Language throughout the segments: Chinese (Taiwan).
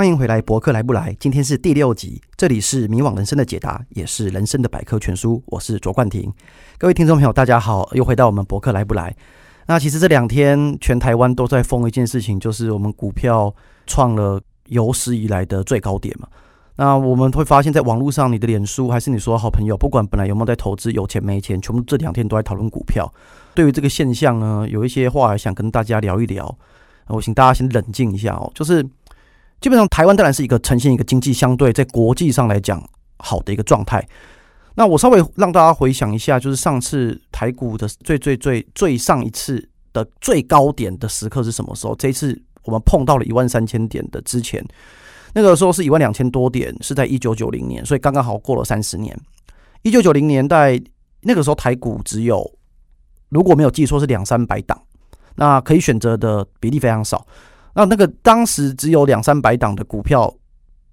歡迎回來，柏克萊不來？今天是第六集，這裡是迷惘人生的解答，也是人生的百科全書。我是卓冠廷，各位聽眾朋友，大家好，又回到我們柏克萊不來？那其實這兩天全台灣都在瘋一件事情，就是我們股票創了有史以來的最高點嘛。那我們會發現，在網絡上，你的臉書還是你說好朋友，不管本來有沒有在投資，有錢沒錢，全部這兩天都在討論股票。對於這個現象呢，有一些話想跟大家聊一聊。我請大家先冷靜一下哦，就是。基本上，台灣當然是一個呈現一個經濟相對在國際上來講好的一個狀態。那我稍微讓大家回想一下，就是上次台股的最最最最最上一次的最高點的時刻是什麼時候？這一次我們碰到了一萬三千點的之前，那個時候是一萬兩千多點，是在一九九零年，所以剛剛好過了三十年。一九九零年代那個時候，台股只有如果沒有記錯是兩三百檔，那可以選擇的比例非常少。那那個當時只有兩三百檔的股票，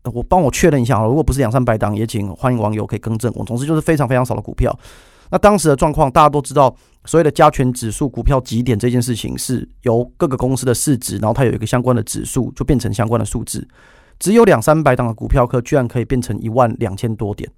我幫我確認一下啊，如果不是兩三百檔，也請歡迎網友可以更正我。總之就是非常非常少的股票。那當時的狀況大家都知道，所謂的加權指數、股票幾點這件事情，是由各個公司的市值，然後它有一個相關的指數，就變成相關的數字。只有兩三百檔的股票，可居然可以變成一萬兩千多點。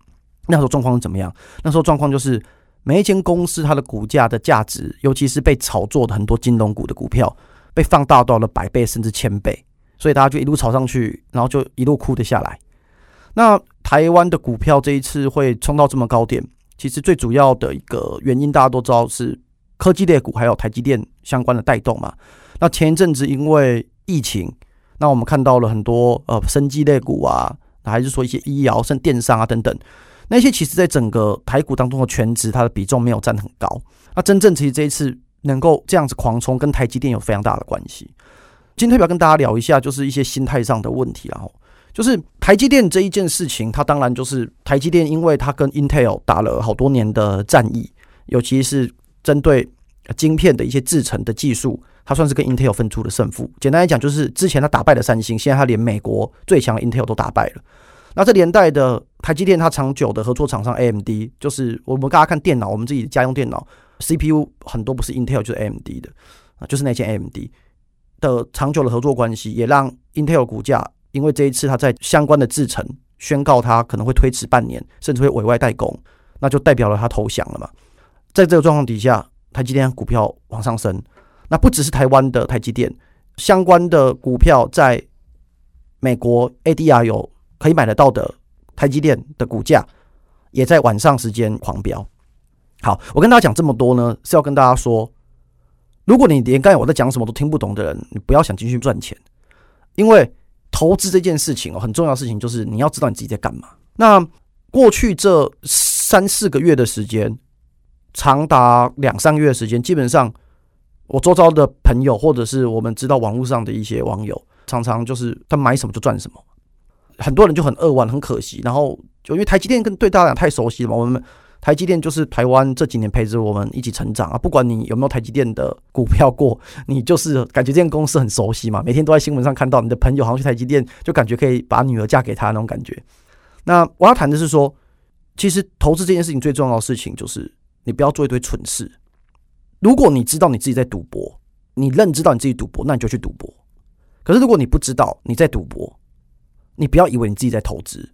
那時候狀況是怎麼樣？那時候狀況就是，每一間公司它的股價的價值，尤其是被炒作的很多金融股的股票。被放大到了百倍甚至千倍，所以大家就一路炒上去，然後就一路哭得下來。那台灣的股票這一次會衝到這麼高點，其實最主要的一個原因大家都知道是科技類股還有台積電相關的帶動嘛。那前一陣子因為疫情，那我們看到了很多呃，生技類股啊，還是說一些醫藥甚至電商啊等等，那些其實在整個台股當中的權值，它的比重沒有佔很高。那真正其實這一次。能夠這樣子狂衝，跟台積電有非常大的關係。今天特別要跟大家聊一下，就是一些心態上的問題。然後就是台積電這一件事情，它當然就是台積電，因為它跟 Intel 打了好多年的戰役，尤其是針對晶片的一些製程的技術，它算是跟 Intel 分出了勝負。簡單來講，就是之前它打敗了三星，現在它連美國最強的 Intel 都打敗了。那這連帶的台積電，它長久的合作廠商 AMD，就是我們大家看電腦，我們自己家用電腦。CPU 很多不是 Intel 就是 AMD 的，啊，就是那些 AMD 的長久的合作關係，也讓 Intel 股價，因為這一次他在相關的制程宣告他可能會推遲半年，甚至會委外代工，那就代表了他投降了嘛。在這個狀況底下，台積電的股票往上升，那不只是台灣的台積電相關的股票，在美國 ADR 有可以買得到的台積電的股價，也在晚上時間狂飆。好，我跟大家講這麼多呢，是要跟大家說，如果你連剛才我在講什麼都聽不懂的人，你不要想進去賺錢，因為投資這件事情哦，很重要的事情就是你要知道你自己在幹嘛。那過去這三四個月的時間，長達兩三個月的時間，基本上我周遭的朋友或者是我們知道網絡上的一些網友，常常就是他買什麼就賺什麼，很多人就很扼腕，很可惜。然後就因為台積電跟對大家太熟悉了嘛，我們。台積電就是台灣這幾年陪着我們一起成長啊！不管你有沒有台積電的股票過，你就是感覺這間公司很熟悉嘛，每天都在新聞上看到。你的朋友好像去台積電，就感覺可以把女兒嫁給他那種感覺。那我要談的是說，其實投資這件事情最重要的事情就是，你不要做一堆蠢事。如果你知道你自己在賭博，你認知到你自己賭博，那你就去賭博。可是如果你不知道你在賭博，你不要以為你自己在投資。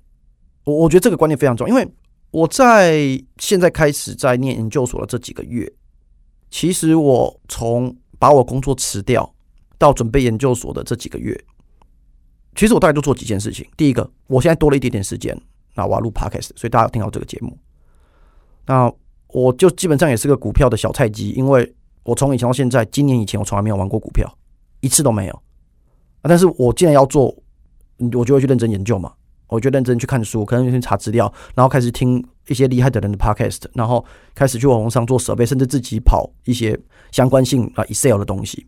我我覺得這個觀念非常重要，因為。我在現在開始在念研究所的這幾個月，其實我從把我工作辭掉到準備研究所的這幾個月，其實我大概就做幾件事情。第一個，我現在多了一點點時間，那我要錄 podcast，所以大家要聽到這個節目。那我就基本上也是個股票的小菜雞，因為我從以前到現在，今年以前我從來沒有玩過股票，一次都沒有。啊，但是我既然要做，我就會去認真研究嘛。我就認真去看書，可能先查資料，然後開始聽一些厲害的人的 podcast，然後開始去網絡上做設備，甚至自己跑一些相關性啊 Excel 的東西。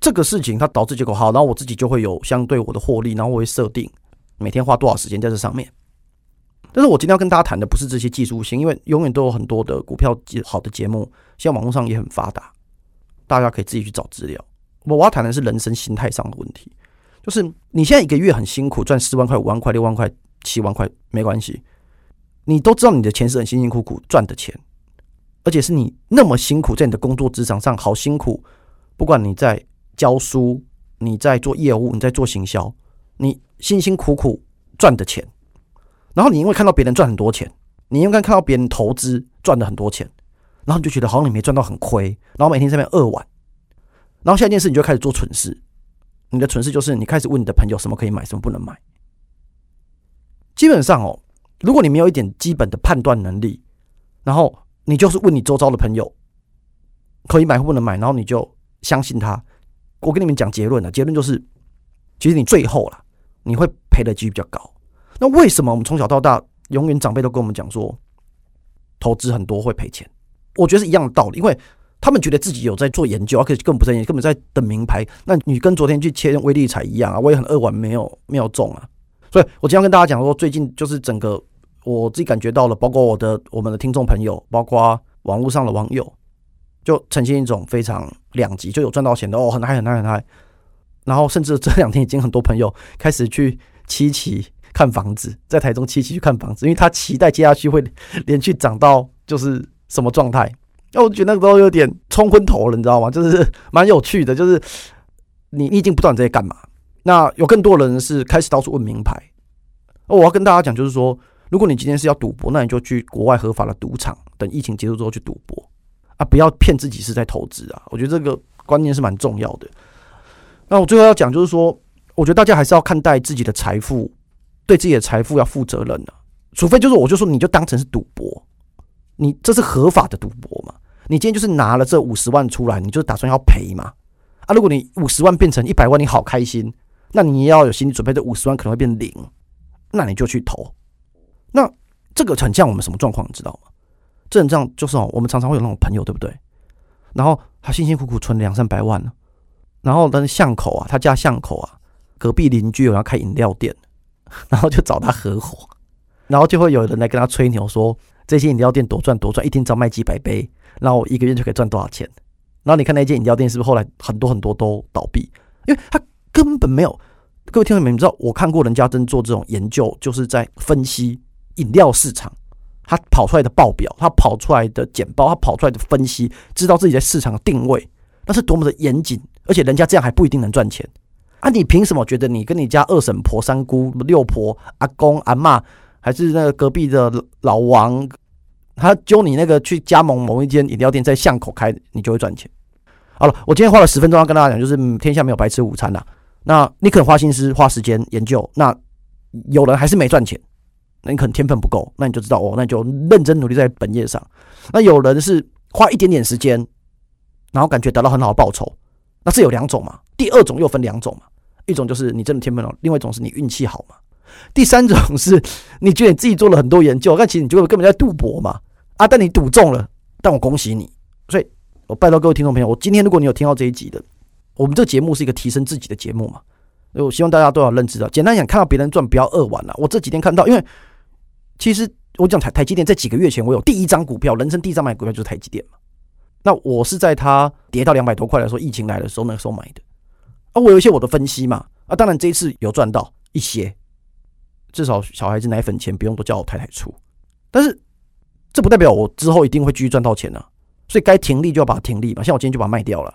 這個事情它導致結果好，然後我自己就會有相對我的獲利，然後我會設定每天花多少時間在這上面。但是我今天要跟大家談的不是這些技術性，因為永遠都有很多的股票好的節目，現在網絡上也很發達，大家可以自己去找資料。我要談的是人生心態上的問題。就是你現在一個月很辛苦，賺四萬塊、五萬塊、六萬塊、七萬塊沒關係，你都知道你的錢是很辛辛苦苦賺的錢，而且是你那麼辛苦在你的工作職場上好辛苦，不管你在教書、你在做業務、你在做行銷，你辛辛苦苦賺的錢，然後你因為看到別人賺很多錢，你因為看到別人投資賺了很多錢，然後你就覺得好像你沒賺到很虧，然後每天在那邊扼腕，然後下一件事你就開始做蠢事。你的蠢事就是你開始問你的朋友什麼可以買，什麼不能買。基本上哦，如果你沒有一點基本的判斷能力，然後你就是問你周遭的朋友可以買或不能買，然後你就相信他。我跟你們講結論了，結論就是其實你最後了，你會賠的幾率比較高。那為什麼我們從小到大永遠長輩都跟我們講說投資很多會賠錢？我覺得是一樣的道理，因為。他們覺得自己有在做研究，而可是根本不在研究，根本在等名牌。那你跟昨天去切威力彩一樣啊，我也很扼腕，沒有沒有中啊。所以我今天跟大家講說，最近就是整個我自己感覺到了，包括我的我們的聽眾朋友，包括網絡上的網友，就呈現一種非常兩極，就有賺到錢的哦，很嗨很嗨很嗨。然後甚至這兩天已經很多朋友開始去七期看房子，在台中七期去看房子，因為他期待接下去會連，連續漲到就是什麼狀態。那我覺得那個時候有點衝昏頭了，你知道嗎？就是蠻有趣的，就是你你已經不知道你在幹嘛。那有更多人是開始到處問名牌。哦，我要跟大家講，就是說，如果你今天是要賭博，那你就去國外合法的賭場，等疫情結束之後去賭博啊！不要騙自己是在投資啊！我覺得這個觀念是蠻重要的。那我最後要講，就是說，我覺得大家還是要看待自己的財富，對自己的財富要負責任的啊。除非就是，我就說你就當成是賭博，你這是合法的賭博嘛。你今天就是拿了這五十萬出來，你就打算要賠嘛？啊，如果你五十萬變成一百萬，你好開心，那你要有心理準備，這五十萬可能會變零，那你就去投。那這個很像我們什麼狀況？你知道嗎？這很像就是哦，我們常常會有那種朋友，對不對？然後他辛辛苦苦存兩三百萬，然後但是巷口啊，他家巷口啊，隔壁鄰居有人要開飲料店，然後就找他合夥，然後就會有人來跟他吹牛說這些飲料店多賺多賺，一天只要賣幾百杯。然後我一個月就可以賺多少錢？然後你看那間飲料店是不是後來很多很多都倒閉？因為他根本沒有。各位聽眾朋友，你們知道我看過人家真做這種研究，就是在分析飲料市場，他跑出來的報表，他跑出來的簡報，他跑出來的分析，知道自己在市場的定位，那是多麼的嚴謹。而且人家這樣還不一定能賺錢啊！你憑什麼覺得你跟你家二嬸、婆三姑、六婆、阿公、阿嬤還是那個隔壁的老王？他揪你那個去加盟某一間飲料店，在巷口開，你就會賺錢。好了，我今天花了十分鐘要跟大家講，就是、嗯、天下沒有白吃午餐吶、啊。那你可能花心思、花時間研究，那有人還是沒賺錢，那你可能天分不夠，那你就知道哦，那你就認真努力在本業上。那有人是花一點點時間，然後感覺得到很好的報酬，那這有兩種嘛。第二種又分兩種嘛，一種就是你真的天分好，另外一種是你運氣好嘛。第三種是你覺得你自己做了很多研究，但其實你就會根本在賭博嘛。啊，但你賭中了，但我恭喜你。所以，我拜託各位聽眾朋友，我今天如果你有聽到這一集的，我們這節目是一個提升自己的節目嘛，所以我希望大家都要認知到，簡單講，看到別人賺，不要扼腕了。我這幾天看到，因為其實我講台台積電在幾個月前，我有第一張股票，人生第一張買股票就是台積電嘛。那我是在它跌到兩百多塊的時候，疫情來的時候那個時候買的。啊，我有一些我的分析嘛。啊，當然這一次有賺到一些，至少小孩子奶粉錢不用都叫我太太出，但是。這不代表我之後一定會繼續賺到錢呢、啊，所以該停利就要把它停利嘛。像我今天就把它賣掉了，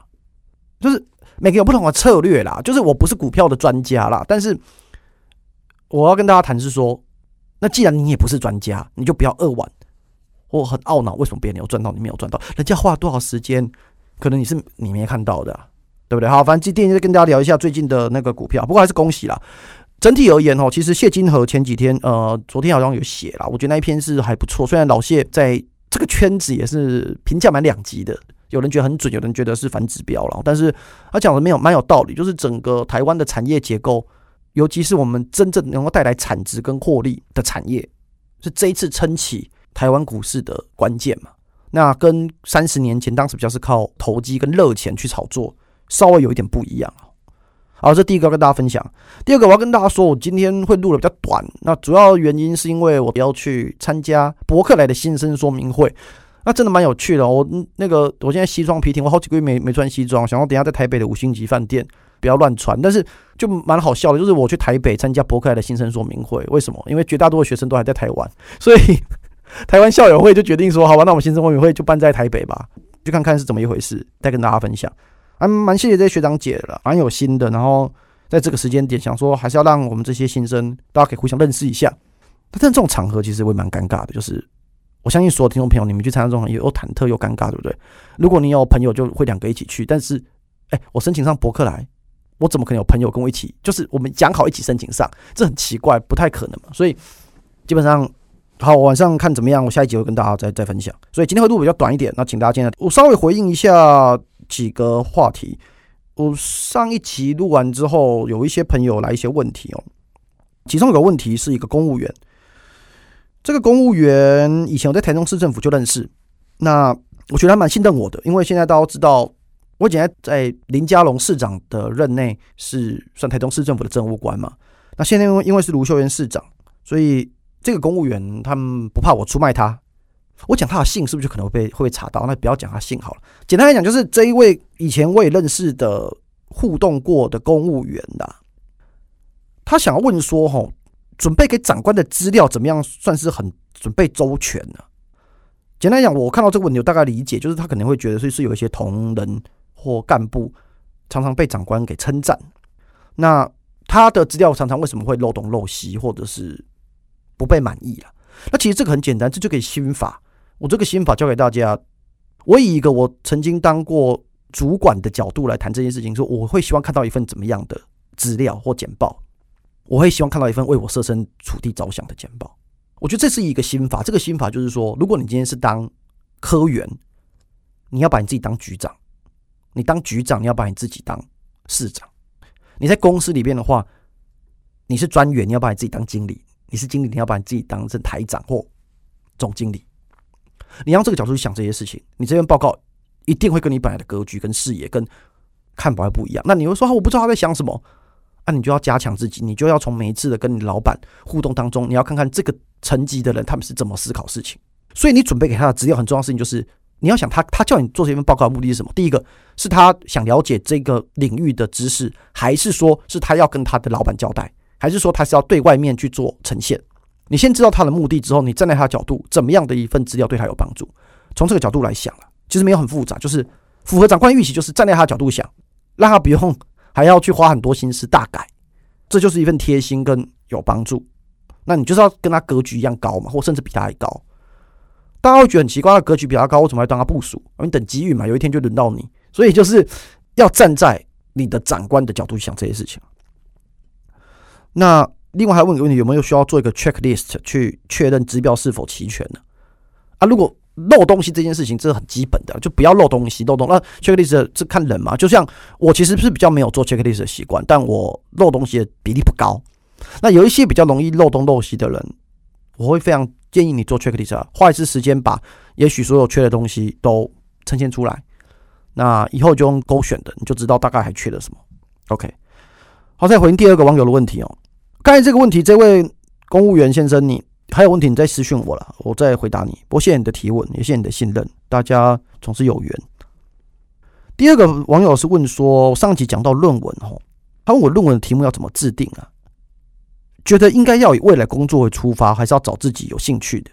就是每個有不同的策略啦。就是我不是股票的專家啦，但是我要跟大家談是說，那既然你也不是專家，你就不要扼腕，我很懊惱為什麼別人有賺到你沒有賺到，人家花了多少時間，可能你是你沒看到的、啊，對不對？好，反正今天就跟大家聊一下最近的那個股票，不過還是恭喜啦。整體而言哦，其實謝金河前幾天，呃，昨天好像有寫了，我覺得那一篇是還不錯。雖然老謝在這個圈子也是評價蠻兩極的，有人覺得很準，有人覺得是反指標了。但是他講的沒有蠻有道理，就是整個台灣的產業結構，尤其是我們真正能夠帶來產值跟獲利的產業，是這一次撐起台灣股市的關鍵嘛。那跟三十年前當時比較是靠投機跟熱錢去炒作，稍微有一點不一樣。好，這第一個要跟大家分享。第二個我要跟大家說，我今天會錄的比較短。那主要原因是因為我要去參加柏克萊的新生說明會，那真的蠻有趣的。我那個我現在西裝筆挺，我好幾個月沒沒穿西裝，想要等一下在台北的五星級飯店不要亂穿。但是就蠻好笑的，就是我去台北參加柏克萊的新生說明會，為什麼？因為絕大多數學生都還在台灣，所以台灣校友會就決定說，好吧，那我們新生說明會就辦在台北吧，就看看是怎麼一回事，再跟大家分享。蠻謝謝這些學長姐了，蠻有心的。然後在這個時間點，想說還是要讓我們這些新生大家可以互相認識一下。但這種場合其實會蠻尷尬的，就是我相信所有聽眾朋友，你們去參加這種也有忐忑又尷尬，對不對？如果你有朋友，就會兩個一起去。但是，哎、欸，我申請上柏克萊，我怎麼可能有朋友跟我一起？就是我們講好一起申請上，這很奇怪，不太可能嘛。所以基本上，好，晚上看怎麼樣。我下一集會跟大家再再分享。所以今天會錄比較短一點，那請大家見諒。我稍微回應一下。幾個話題，我上一集錄完之後，有一些朋友來一些問題哦。其中有個問題是一個公務員，這個公務員以前我在台中市政府就認識，那我覺得還蠻信任我的，因為現在大家都知道，我以前在林佳龍市長的任內是算台中市政府的政務官嘛。那現在因為因為是盧秀燕市長，所以這個公務員他們不怕我出賣他。我講他的姓是不是就可能會被會查到？那不要講他的姓好了。簡單來講，就是這一位以前我也認識的互動過的公務員啦、啊。他想要問說：齁，準備給長官的資料怎麼樣算是很準備周全呢、啊？簡單來講，我看到這個問題，我大概理解就是他可能會覺得，所以是有一些同仁或幹部常常被長官給稱讚。那他的資料常常為什麼會漏東漏西，或者是不被滿意啊，那其實這個很簡單，這就可以心法。我這個心法教給大家，我以一個我曾經當過主管的角度來談這件事情，說我會希望看到一份怎麼樣的資料或簡報，我會希望看到一份為我設身處地着想的簡報。我覺得這是一個心法，這個心法就是說，如果你今天是當科員，你要把你自己當局長；你當局長，你要把你自己當市長；你在公司裡邊的話，你是專員，你要把你自己當經理；你是經理，你要把你自己當成台長或總經理。你用這個角度去想這些事情，你這份報告一定會跟你本來的格局、跟視野、跟看法不一樣。那你會說：“啊，我不知道他在想什麼。啊”那你就要加強自己，你就要從每一次的跟你老板互動當中，你要看看這個層級的人他們是怎麼思考事情。所以，你準備給他的資料，很重要的事情就是，你要想他，他叫你做這份報告的目的是什麼？第一個是他想了解這個領域的知識，還是說是他要跟他的老板交代，還是說他是要對外面去做呈現？你先知道他的目的之後，你站在他的角度，怎麼樣的一份資料對他有幫助？從這個角度來想其實沒有很複雜，就是符合長官的預期，就是站在他的角度想，讓他不用還要去花很多心思大改，這就是一份貼心跟有幫助。那你就是要跟他格局一樣高嘛，或甚至比他還高。大家會覺得很奇怪，他格局比他高，為什麼要當他部署？因為等機遇嘛，有一天就輪到你。所以就是要站在你的長官的角度去想這些事情。那。另外還問一個問題，有沒有需要做一個 checklist 去確認指標是否齊全的？啊，如果漏東西這件事情，這是很基本的，就不要漏東西、漏東西。那 checklist 是看人嘛？就像我其實是比較沒有做 checklist 的習慣，但我漏東西的比例不高。那有一些比較容易漏東漏西的人，我會非常建議你做 checklist 啊，花一次時間把也許所有缺的東西都呈現出來。那以後就用勾選的，你就知道大概還缺了什麼。OK，好，再回應第二個網友的問題哦。剛才這個問題，這位公務員先生，你還有問題，你再私訊我了，我再回答你。多謝你的提問，也謝謝你的信任，大家總是有緣。第二個網友是問說，上集講到論文哦，他問我論文的題目要怎麼制定啊？覺得應該要以未來工作為出發，還是要找自己有興趣的？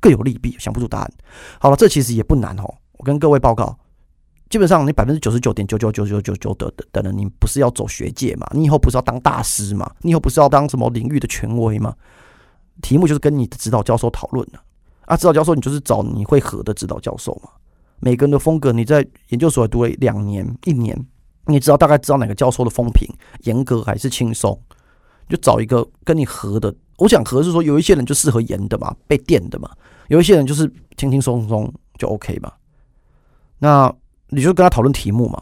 各有利弊，想不出答案。好了，這其實也不難哦。我跟各位報告。基本上，你百分之九十九點九九九九九九的的人，你不是要走學界嘛？你以後不是要當大師嘛？你以後不是要當什麼領域的權威嘛？題目就是跟你的指導教授討論的啊。啊，指導教授，你就是找你會合的指導教授嘛。每個人的風格，你在研究所讀了兩年、一年，你知道大概知道哪個教授的風評嚴格還是輕鬆，就找一個跟你合的。我想合是說，有一些人就適合嚴的嘛，被電的嘛；有一些人就是輕輕鬆鬆就 OK 嘛。那你就跟他討論題目嘛，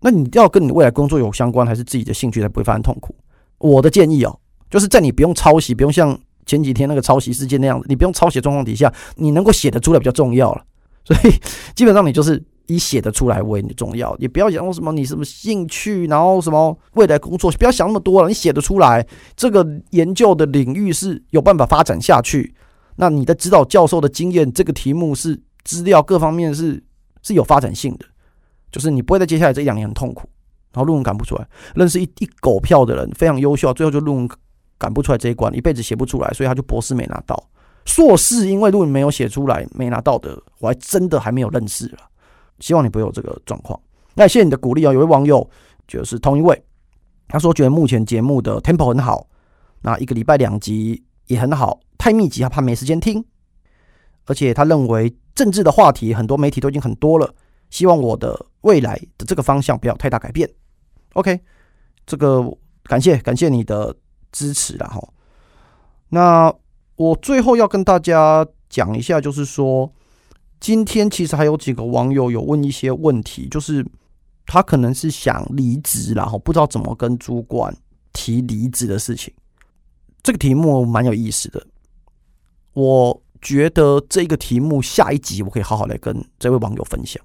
那你要跟你未來工作有相關，還是自己的興趣才不會發生痛苦？我的建議哦，就是在你不用抄襲，不用像前幾天那個抄襲事件那樣子，你不用抄襲狀況底下，你能夠寫得出來比較重要了。所以基本上你就是以寫得出來為你重要，也不要想說什麼你什麼興趣，然後什麼未來工作，不要想那麼多了。你寫得出來，這個研究的領域是有辦法發展下去。那你的指導教授的經驗，這個題目是資料各方面是。是有發展性的，就是你不會在接下來這一兩年很痛苦，然後論文趕不出來。認識一一狗票的人非常優秀，最後就論文趕不出來這一關，一輩子寫不出來，所以他就博士沒拿到。碩士因為論文沒有寫出來，沒拿到的，我還真的還沒有認識了。希望你不會有這個狀況。那也謝謝你的鼓勵啊、哦。有一位網友就是同一位，他說覺得目前節目的 tempo 很好，那一個禮拜兩集也很好，太密集他怕沒時間聽，而且他認為。政治的話題，很多媒體都已經很多了。希望我的未來的這個方向不要太大改變。OK，這個感謝感謝你的支持。然後那我最後要跟大家講一下，就是說今天其實還有幾個網友有問一些問題，就是他可能是想離職，然後不知道怎麼跟主管提離職的事情。這個題目蠻有意思的，我。覺得這個題目下一集我可以好好來跟這位網友分享。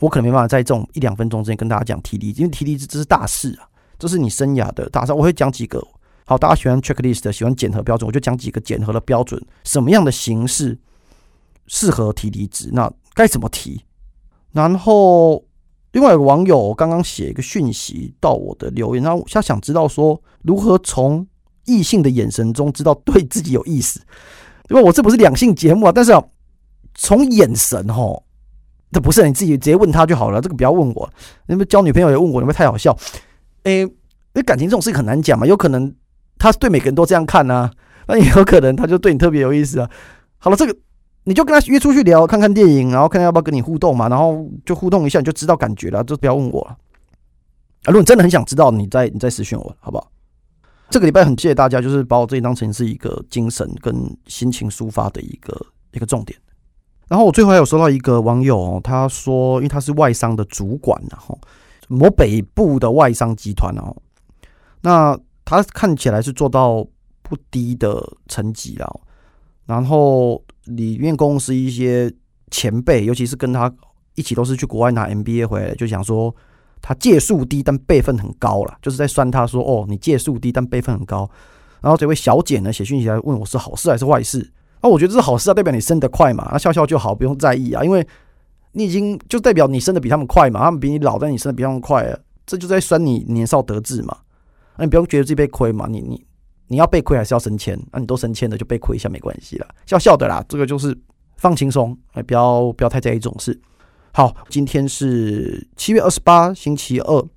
我可能沒辦法在這種一兩分鐘之內跟大家講提離職，因為提離職這是大事啊，這是你生涯的大事。我會講幾個，好，大家喜歡 checklist，喜歡檢核標準，我就講幾個檢核的標準，什麼樣的形式適合提離職，那該怎麼提。然後另外一個網友剛剛寫一個訊息到我的留言，然後他想知道說如何從異性的眼神中知道對自己有意思。因為我這不是兩性節目啊，但是啊，從眼神吼，這不是你自己直接問他就好了，這個不要問我。你們交女朋友也問我，你們太好笑。哎、欸，因為感情這種事很難講嘛，有可能他對每個人都這樣看呢、啊，那也有可能他就對你特別有意思啊。好了，這個你就跟他約出去聊，看看電影，然後看看要不要跟你互動嘛，然後就互動一下，你就知道感覺了，就不要問我了、啊。如果你真的很想知道，你再你再私訊我，好不好？這個禮拜很謝謝大家，就是把我自己當成是一個精神跟心情抒發的一個一個重點，然後我最後還有收到一個網友哦，他說，因為他是外商的主管，然後某北部的外商集團哦，那他看起來是做到不低的成績啊，然後裡面公司一些前輩，尤其是跟他一起都是去國外拿 MBA 回來，就想說。他借數低，但輩分很高了，就是在酸他說：“哦，你借數低，但輩分很高。”然後這位小姐呢，寫訊息來問我是好事還是壞事？那、啊、我覺得這是好事啊，代表你升得快嘛。那、啊、笑笑就好，不用在意啊，因為你已經就代表你升得比他們快嘛，他們比你老，但你升得比他們快了，這就在酸你年少得志嘛。那、啊、你不用覺得自己被虧嘛，你你你要被虧還是要升遷？那、啊、你都升遷了，就被虧一下沒關係了，笑笑的啦。這個就是放輕鬆，哎，不要不要，不要太在意這種事。好，今天是七月二十八，星期二。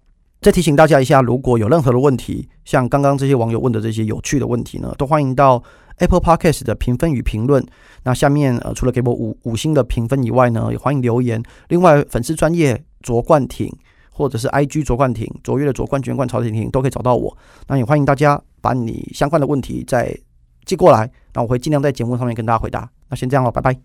再提醒大家一下，如果有任何的問題，像剛剛這些網友問的這些有趣的問題呢，都歡迎到 Apple Podcast 的評分與評論。那下面呃，除了給我五五星的評分以外呢，也歡迎留言。另外，粉絲專頁卓冠廷，或者是 I G 卓冠廷，卓越的卓冠、冠潮挺挺、捐款超曹廷都可以找到我。那也歡迎大家把你相關的問題再寄過來，那我會盡量在節目上面跟大家回答。那先這樣嘍、哦，拜拜。